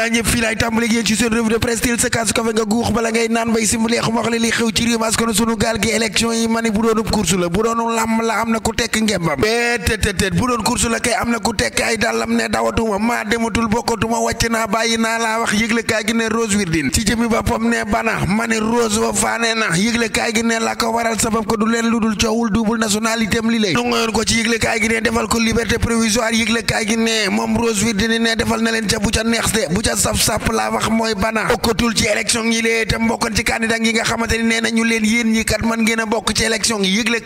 daa ñëpp fii tàmbali yéen ci seen revue de presse til sa kaas gaal gi élection yi ma ni bu doonub course la bu doonu làmm la am na ku tekk ngembam téetéetéet bu doon course la kay am na ku tekk ay dàllam ne dawatuma maa dematul bokkatuma wàcc naa bàyyi naa laa wax yëglekaay gi ne Rose Wardini ci jëmi boppam ne bana ma ni Rose wa faane na yëglekaay gi ne la ko waral sabab ko du leen lu dul coowul double nationalité am li lay du ngayoon ko ci yëglekaay gi ca saf-sàpp laa wax mooy bana bokkatul ci élection yi lee te mbokkoon ci candidat yi nga xamante ni nee leen yéen ñi kat mën ngeen a bokk ci élection yi yëgle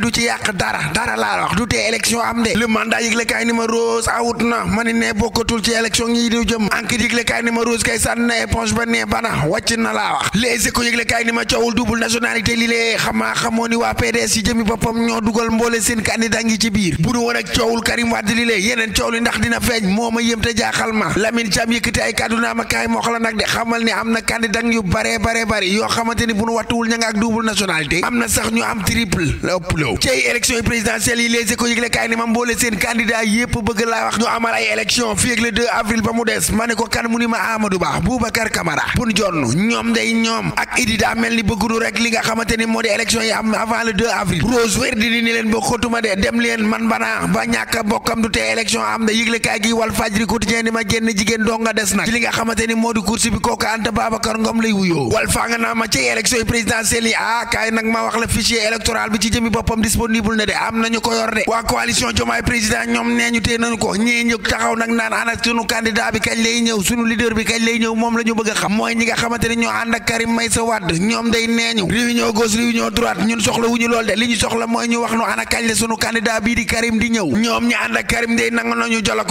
du ci yàq dara dara laa wax du tee élection am de le mandat yëgle kaay ni ma Rose awut na ma ni ne bokkatul ci élection yi ñu jëm enquête yëgle kaay ni ma Rose kay sànn éponge ba ne bana wàcc na laa wax les échos yëgle kaay ni ma coowul double nationalité li xamaa xamoo ni waa PDS ci biir bu du feeñ moo ma yëm te jaaxal ma Lamine Thiam yëkkati ay kàddu naa nag de xamal ni am na candidat yu bare bare bari yoo xamante bu nu wattuwul ña ak double nationalité am na sax ñu am triple la ëpp low cey élection présidentielle yi les éco yëgle ni ma mboole seen candidat yépp bëgg laa wax ñu amal ay élection fii ak avril ba mu des ma ne ko kan mu ni ma Amadou Ba Boubacar Camara bun jonn ñoom day ñoom ak idi daa mel ni bëggunu kaay gi wal fajri quotidien ni ma ah am nañu ko yor de waa coalition Diomaye président ñoom nee ñu tee nañu ko ñee ñu taxaw nag naan ana sunu candidat bi kañ lay ñëw sunu leader bi kañ lay ñëw moom la bëgg a xam mooy ñi nga xamante ni ànd ak Karim Meïssa Wade ñoom day nee ñu réunion gauche réunion droite ñun soxla wu ñu lool de li ñu soxla mooy ñu wax nu ana kañ la sunu candidat bii Karim di ñëw ñoom ñi ànd ak Karim day nangu nañu jolok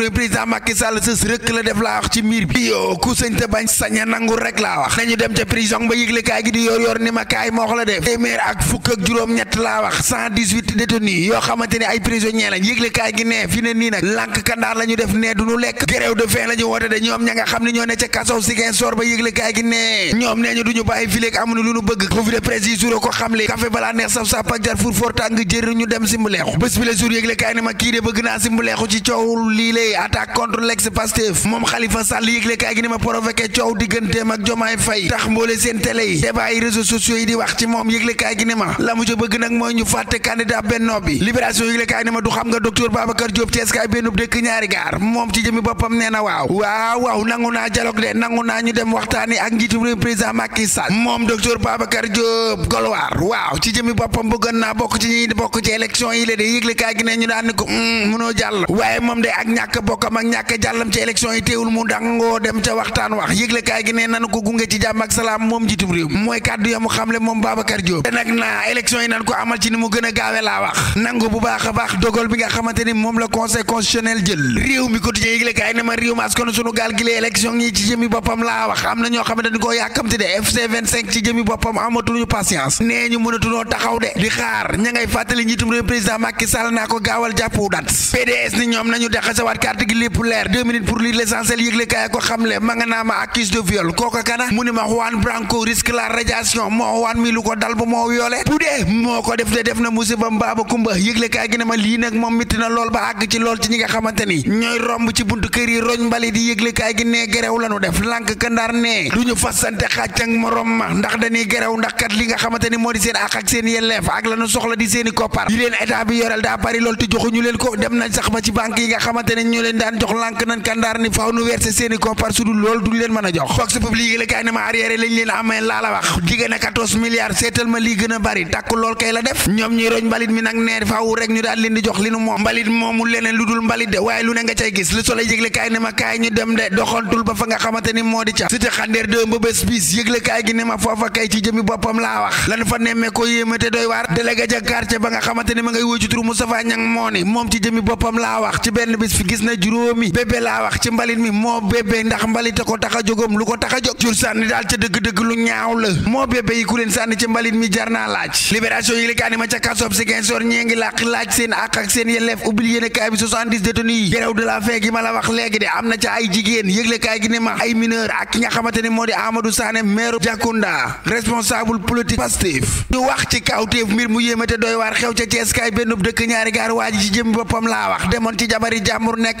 le président Macky Sall sës rëkk la def laa wax ci miir bi yoo ku sëñ saña nangu rek laa wax nañu dem ca prison ba yëgle gi di yor yor ni ma kaay moo wax la ak fukk juróom-ñett laa wax 118 détenus yoo xamante ne ay prisonniers lañ yëgle kaay gi nee fi ne nii nag lànk kandaar la def nee du ñu lekk grève de faim la ñu de ñoom ña nga xam ne ñoo ne ca kaso Ziguinchor ba yëgle gi nee ñoom nee ñu du ñu bàyyi fileeg amuñu day attaque contre l'ex-Pastef moom Khalifa Sall yëgle kaay gi ma provoqué coow digganteem ak Jomaay Fay tax mboole seen télé yi débat yi réseaux sociaux yi di wax ci moom yëgle kaay gi ma la bëgg nag mooy ñu fàtte candidat Benno bi Libération yëgle kaay ni ma du xam nga docteur Babacar Diop Thiès kaay bennub dëkk ñaari gaar moom ci jëmi boppam nee na waaw waaw nangu naa dialogue de nangu naa ñu dem waxtaani ak njiitum réew président Macky Sall moom ak bokkam ak ñàkk jàllam ci élection yi mu dangoo dem ca waxtaan wax yëglekaay gi ne nanu ko gunge ci jàmm ak salaam moom jitum réew mooy kàddu yamu xamle moom Babacar Diop te naa élection yi nan ko amal ci ni mu gën a gaawe laa wax nangu bu baax a baax dogal bi nga xamante ni moom la conseil constitutionnel jël réew mi ko tijjee yëglekaay ne ma réew ma askanu sunu gaal gi la yi ci jëmi boppam laa wax am na ñoo xamante ni ko gaawal carte gi lépp leer la radiation moo Juan mi lii nag moom mitti na lool ba àgg ci lool ci nga xamante ni ñooy romb ci buntu kër yi roñ mbali di yëgle gi ne gerew la def lànk kandaar ne du ñu fasante xàcc ak morom ma ndax dañuy gerew ndax kat li nga xamante moo di seen àq ak seen yelleef ak la soxla di seen koppar yi leen état bi yoreel daa bari lool te joxuñu leen ko dem nañ sax ba ci banque yi nga xamante ne dañoo leen daan jox lànk nan kandaar ni faaw nu verser seeni koppar su dul loolu duñ leen mën a jox vox populi yégle kaay ne la wax jigéen na a ni ma foofa kay ci jëmi boppam laa wax lan fa nemmee ko yéeme te doy waar délégué ja quartier ba nga xamante ma ngay wóoy ci turu moo ni moom ci jëmi boppam laa wax ci benn bis fi gis na juróomi bébé laa wax ci mbalit mi moo bébé ndax mbalite ko tax a jógam lu ko tax a jóg jur sànni daal ca dëgg-dëgg lu ñaaw la moo bébé yi ku leen sànni ci mbalit mi jar laaj libération yi ma ca kasob si gin ñee ngi laaj seen àq ak seen yelleef ubbil bi 70 détenus yi grève de la faim gi ma la wax léegi de am na ca ay jigéen yëgle gi ne ma ay mineur ak ki nga xamante moo di Amadou Sané maire Diakounda responsable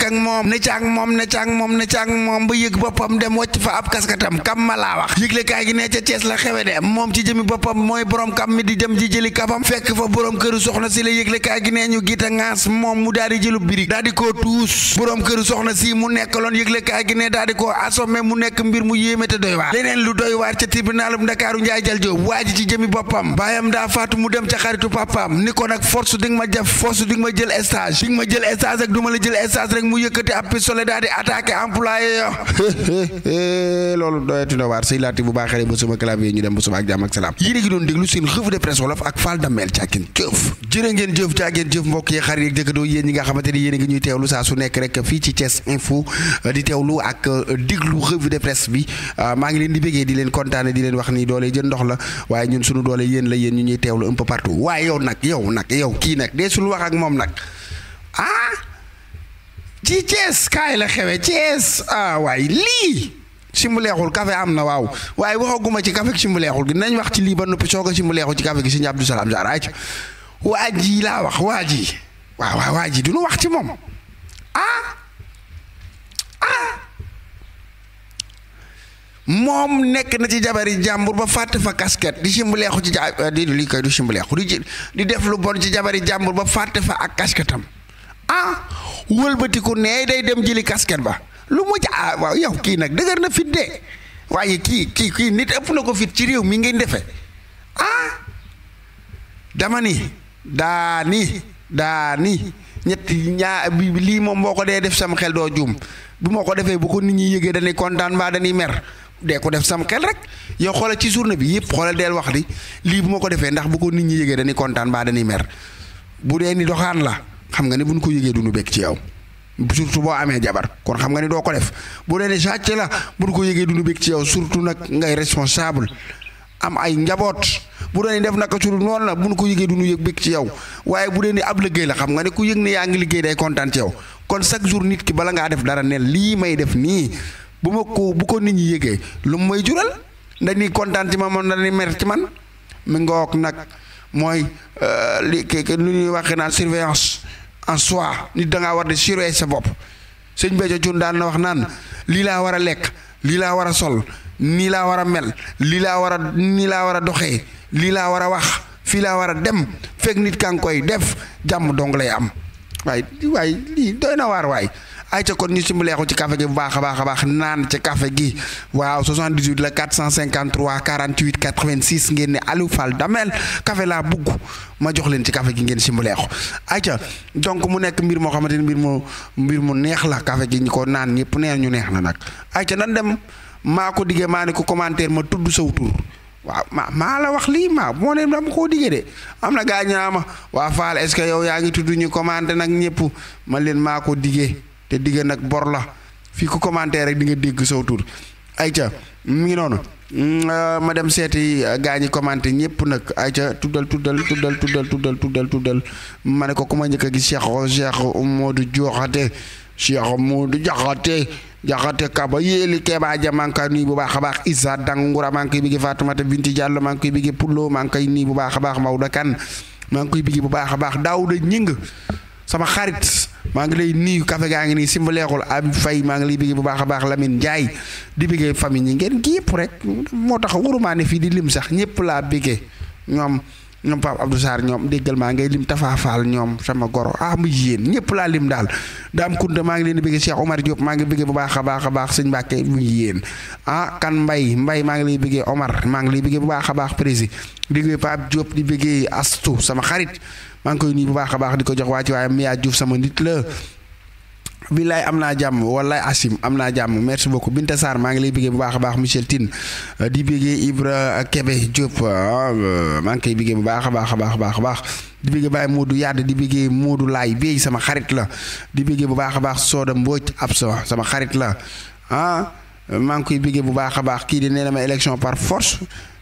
nekk ak moom ne ca ak moom ne ca ak moom ne ca ak moom ba yëg boppam dem wàcc fa ab kaskatam kam ma laa wax yëglekaay gi ne ca Cees la xewe de moom ci jëmi boppam mooy borom kam mi di dem ji jëli kabam fekk fa borom këru soxna si la yëglekaay gi ne ñu gita ngaas moom mu daal jëlu birig daal di tuus borom këru soxna si mu nekk loon yëglekaay gi ne daal di koo mu nekk mbir mu yéeme te doy waar leneen lu doy waar ca tribunalum Ndakaaru Njaay Jal Joob ci jëmi boppam mu yëkkati ab pistolet daal di attaqué employé yo loolu doyati na waar sëy laati bu baax xale ba suma clavier ñu dem ba a ngi doon déglu seen revue de presse wolof ak Fall Damel càakin jëf jërë ngeen jëf caageen jëf mbokk yi xarit yeeg jëkkadoo yéen ñi nga xamante ni yéen a ngi ñuy teewlu saa su nekk rek fii ci Thiès Info euh, di teewlu ak euh, déglu revue de presse bi euh, maa ngi leen di béggee di leen kontaane di leen wax ni doole jën ndox la waaye ñun suñu doole yéen la yéen ñu ñuy teew un peu partout waaye yow nag yow nag yow kii nag dee sul moom nag ci Thiès kaay la xewe Thiès ah waay lii simbu leexul café am na waaw waaye waxaguma ci café gi simbu leexul gi nañ wax ci lii ba noppi soog a simbu leexul ci café gi sëñ Abdou sa Sarr ay waa ji laa wax waa ji waaw waaw waa ji du wax ci moom ah ah moom nekk na ci jabari jàmbur ba fàtte fa casquette di simbu leexu ci ja euh, di lii leexu di di def lu bon ci jabari jàmbur ba fàtte fa ak kasketam ah wëlbatiku nee day dem jëli casquette ba lu mu ca ah, yow kii nag dëgër na fit de waaye kii kii kii nit ëpp na ko fit ci réew mi ngeen defe ah dama ni daa ni ñetti ñaar ñett ñaa lii moom boo ko dee def sam xel doo juum bu ma ko defee bu ko nit ñi yëgee dañuy kontaan mbaa dañuy mer dee ko def sam xel rek yow xoolal ci journée bi yëpp xoolal deel wax di lii bu ma ko defee ndax bu ko nit ñi yëgee dañuy kontaan mbaa dañuy mer bu dee nii doxaan la xam nga ni buñ ko yëgee duñu bekk ci yow surtout boo amee jabar kon xam nga ni doo ko def bu dee ne sàcc la buñ ko yëgee duñu bekk ci yow surtout nag ngay responsable am ay njaboot bu dee ni def naka suru noonu la buñ ko yëgee duñu yëg bekk ci yow waaye bu dee ni ab liggéey la xam nga ni ku yëg ne yaa ngi liggéey day kontaan ci yow kon chaque jour nit ki bala ngaa def dara ne lii may def nii bu ma ko bu ko nit ñi yégee lu mu may jural dañuy kontaan ci ma moom dañuy mer ci man mi ngoog nag mooy euh, li lu ñuy waxee naan surveillance en soit nit da war di surveiller sa bopp sëñ Béthio Thioune daan na wax naan lii laa war a lekk lii laa war a sol nii laa war a mel lii laa war a nii laa war a doxee lii laa war a wax fii laa war a dem fekk nit kaa koy def jàmm dong lay am waaye waaye doy na waar waay ay ca kon ñu simbileexu ci café gi bu baax a baax a baax naan ci kafe gi waaw 78 la 453 48 86 ngeen ne Aliou Fall Damel kafe laa bugg ma jox leen ci kafe gi ngeen simbileexu ay ca donc mu nekk mbir moo xamante ni mbir mu mbir mu neex la café gi ñu ko naan ñëpp neen ñu neex na nag ay ca nan dem maa ko diggee maa ne ko commentaire ma tudd saw tur waaw ma maa la wax lii maa moo ne dama koo diggee de am na gaa ma waa Faal est-ce que yow yaa ngi tudd ñu commenté nag ñëpp ma leen maa ko diggee te digge nag bor la fii ku commenté rek di nga dégg sow tur ayca mu ngi mm, euh, ma dem seeti euh, gaa ñi commenté ñëpp nag ayca tuddal tuddal tuddal tuddal tuddal tuddal tuddal ma ne ko ku ma njëkk a gis Cheikh Cheikh Modou Diakhaté Cheikh Modou Diakhaté jaxate kaba yéeli keebaa ja maa ngi koy nuyu bu baax a baax Issa Dang Ngura maa ngi koy bigi Fatoumata Binti Diallo maa ngi koy bigi Pullo maa ngi koy nuyu bu baax a baax Maodo Kane maa ngi koy bigi bu baax a baax daaw Daouda Ñing sama xarit maa ngi lay nuyu café gaa ngi nii simbaleexul Abib fay maa ngi lay bigi bu baax a baax Lamine Ndiaye di bigee famille ñi ngeen gi yëpp rek moo tax warumaa ne fii di lim sax ñëpp laa bigee ñoom ñoom Pape Abdou Sarr ñoom déggal maa ngay lim tafaafaal ñoom sama goro ah mu yéen ñëpp laa lim daal daam kunta maa ngi leen di bëgg Cheikh Omar Diop maa ngi bëgg bu baax a baax a baax sëñ Mbàkke mu yéen ah kan mbay mbay maa ngi lay bëggee Omar maa ngi lay bëggee bu baax a baax prési di Pape Diop di bëggee Astou sama xarit maa ngi koy nuyu bu baax a baax di ko jox waa ci waaye Mia Diouf sama nit la billaay am naa jàmm wallaay asim am naa jàmm merci beaucoup Binta Sarr maa ngi lay bëggee bu baax a baax Michel Tine euh, di bëggee Ibra Kebe Diop ah, euh, maa ngi koy bëggee bu baax a baax a baax a baax di bëggee Baye Modou yàdd di bëggee muudu Laay Bey sama xarit la di bëggee bu baax a baax Soda Mbodj Absa sama xarit la ah manque ngi koy bu baax a baax kii di nee na ma élection par force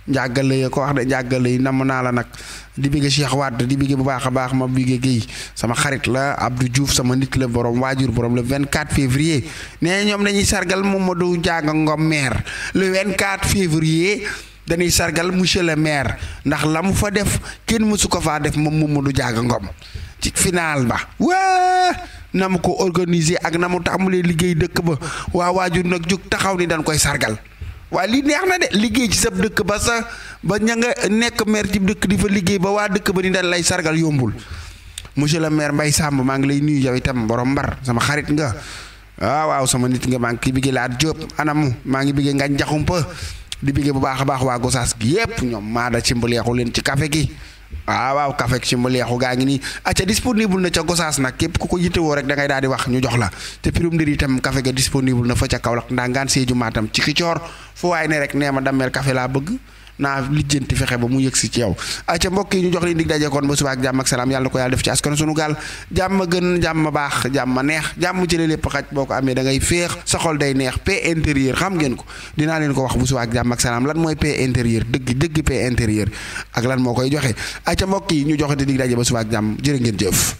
njàggale ya ko wax de njàggale yi namm naa la nag di si Cheikh Wade di bigge bu baax a baax ma bigge Guèye sama xarit la Abdou Diouf sama nit la borom waajur borom le 24 février nee ñoom dañuy sargal Mamadou Diaga Ngom maire le 24 février dañuy sargal monsieur le maire ndax la mu fa def kenn mësu ko faa def moom Mamadou Diaga Ngom ci final ba waa na mu ko organiser ak na mu tàmbalee liggéey dëkk ba waa waajur nag jóg taxaw ni dañ koy sargal waa lii neex na de liggéey ci sa dëkk ba sa ba ña nga nekk maire ci dëkk di fa liggéey ba waa dëkk ba ni daal lay sargal yombul monsieur le maire mbay Samb maa ngi lay nuyu yow itam borom mbar sama xarit nga ah, waaw sama nit nga maa ngi kii biggee laat Diop anam maa ngi biggee ngañ jaxumpa di biggee bu baax a baax waa Gosaas gi yépp ñoom maada ci mbaleexu leen ci café gi ah waaw kafek ci mu leexu gaa ngi nii acca disponible na ca Gosaas nag képp ku ko yittewoo rek dangay ngay daal di wax ñu jox la te pirum ndër itam kafe ga disponible na fa ca Kaolack ndangaan Sédhiou Matam ci ki coor fu waay ne rek nee ma dammeel kafe laa bëgg naa lijjanti fexe ba mu yëgsi ci yow ay ca mbokk yi ñu jox leen dig daje kon ba suba ak jàmm ak salaam yàlla na ko yàlla def ci askan sunu gaal jàmm gën jàmm baax jàmm neex jàmm ci lépp xaj boo ko amee da ngay féex day neex paix intérieur xam ngeen ko dinaa leen ko wax bu suba ak jàmm ak salaam lan mooy paix intérieur dëgg dëgg paix intérieur ak lan moo koy joxe ay ca mbokk yi ñu joxante dig daje ba suba ak jàmm jërë ngeen jëf